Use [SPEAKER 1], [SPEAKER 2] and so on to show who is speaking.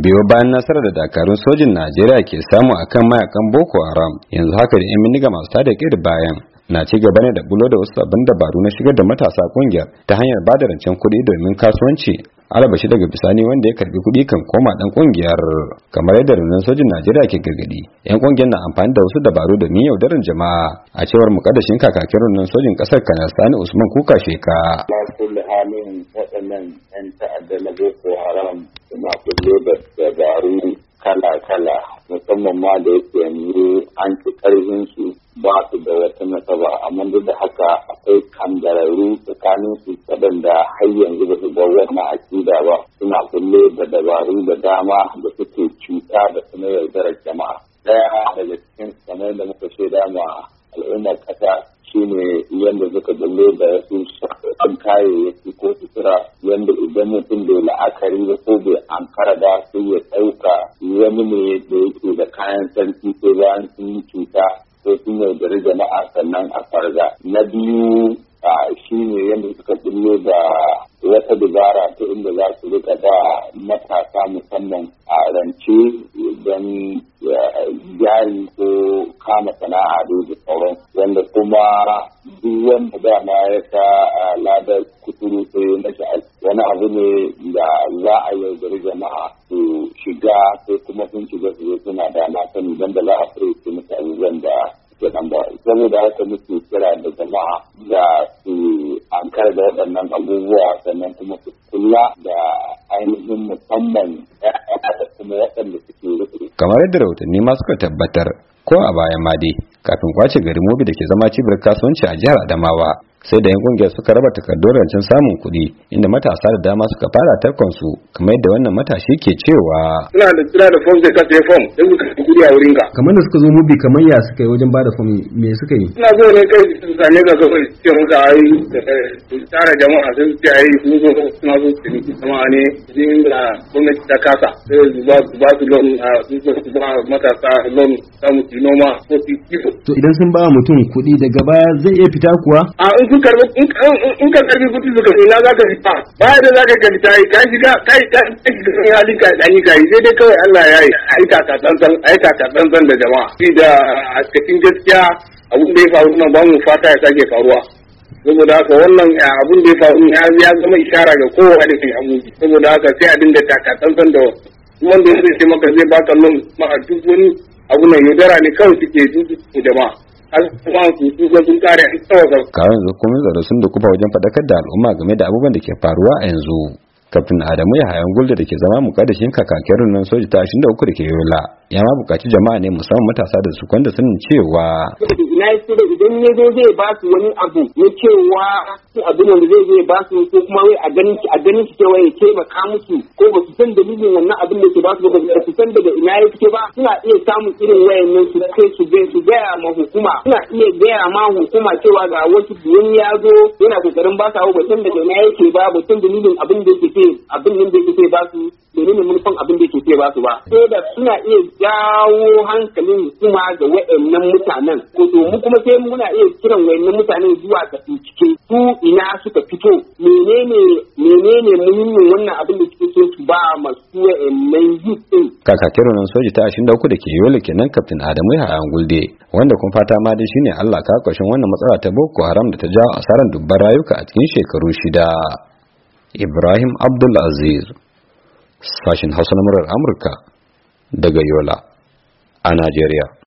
[SPEAKER 1] biyo bayan nasarar da dakarun sojin najeriya ke samu akan mayakan boko haram yanzu haka da 'yan bindiga masu tada da bayan na ci gaba ne da bulo da wasu sabbin dabaru na shigar da matasa kungiyar ta hanyar ba da rancen kuɗi domin kasuwanci alabashi daga bisani wanda ya karbi kuɗi kan koma dan kungiyar kamar yadda rundunar sojin najeriya ke gargadi yan kungiyar na amfani da wasu dabaru da niyyar jama'a a cewar mukaddashin kakakin rundunar sojin kasar kanar sani usman kuka sheka
[SPEAKER 2] halin waɗannan 'yan ta'adda na boko haram masu kullo da dabaru kala-kala musamman ma da yake yanzu an ci karfin ba su da wata nasaba amma duk da haka akwai kandararu tsakanin su waɗanda har yanzu ba su ga wannan akida ba suna kulle da dabaru da dama da suke cuta da suna yaudarar jama'a ɗaya daga cikin kamar da muka shaida ma al'ummar ƙasa shine yadda suka bulle da su kayayyaki ko sutura yadda idan mutum bai la'akari ba ko bai ankara da sai ya ɗauka wani ne da yake da kayan sarki sai bayan sun yi cuta ko sun yi da jama'a sannan a farga. Na biyu shi ne yadda suka billo da wata dubara ta inda za su rika da matasa musamman a rance don jari ko kama sana'a da sauran wanda kuma duk wanda dama ya ta na da kuturu na jihar wani abu ne da za a yaudari jama'a su shiga sai kuma sun shiga su zo suna da na sani don da za a fure su musu abubuwan da suke nan ba saboda haka muke kira da jama'a da su an da waɗannan abubuwa sannan kuma su kula da ainihin musamman kuma waɗanda suke
[SPEAKER 1] kamar yadda rahotanni ma suka tabbatar ko a bayan ma dai kafin kwace garin mobi da ke zama cibiyar kasuwanci a jihar adamawa sai da 'yan kungiyar suka raba takardun rancen samun kuɗi inda matasa da dama suka fara tarkonsu kamar yadda wannan matashi ke cewa
[SPEAKER 3] ina da kira da fom sai ka sai fom. sai suka kai kuɗi a wurin ka
[SPEAKER 1] kamar da suka zo mubi kamar ya suka yi wajen
[SPEAKER 3] bada fom me suka yi ina zo ne kai su same ka zo kai ce muka yi tsara jama'a sai su ce yi sun zo suna zo su niki kama ne jin da gwamnati ta kasa sai su ba su a su loan su ba matasa loan samu su noma ko su
[SPEAKER 1] to idan sun ba mutum kuɗi daga baya zai iya fita kuwa
[SPEAKER 3] a in in karbi in kan karbi kuti suka ina za ka fita ba da za ka kalita yi ka shiga kai ka shiga halin ka dani ka yi sai dai kawai Allah ya yi aika ka tsantsan da jama'a Fi da askafin gaskiya abun da ya faru nan ba mu fata ya sake faruwa saboda haka wannan abun da ya faru ya zama ishara ga kowa da kai abuji saboda haka sai a dinga ta tsantsan da wanda ya zai maka zai baka nan maka duk wani abu na yaudara ne kawai suke duk jama'a
[SPEAKER 1] kawai yanzu kuma tsaro sun dukufa wajen faɗakar da al'umma game da abubuwan da ke faruwa a yanzu kaftin adamu ya hayan gulda da ke zama mu kada shi kakakin nan soja ta 23 da ke yola ya ma bukaci jama'a ne musamman matasa da su kwanda sanin cewa
[SPEAKER 4] na yi da idan ne zai zai ba su wani abu na cewa su abin da zai zai ba su ko kuma wai a ganin a ganin su cewa ya taimaka musu ko ba su san dalilin wannan abin da ke ba su ba su san daga ina ya fito ba suna iya samun irin wayannan su kai su bai su gaya ma hukuma suna iya gaya ma hukuma cewa ga wasu wani ya zo yana kokarin ba su abu ba san daga ina yake ba ba san dalilin abin da yake abin da yake ba su menene manufan abin da yake ce ba su ba sai da suna iya jawo hankalin kuma ga wayannan mutanen ko to mu kuma sai muna iya kiran wayannan mutanen zuwa ga bincike su ina suka fito menene menene muhimmin wannan abin da suke so su ba masu wayannan
[SPEAKER 2] yi
[SPEAKER 1] kaka kiran nan soji ta 23 da ke yola kenan kaftin Adamu Hayan Gulde wanda kun fata ma dai shine Allah ka kwashin wannan matsala ta Boko Haram da ta jawo asaran dubban rayuka a cikin shekaru shida Ibrahim Abdul Aziz sashin hausa na murar amurka daga yola a najeriya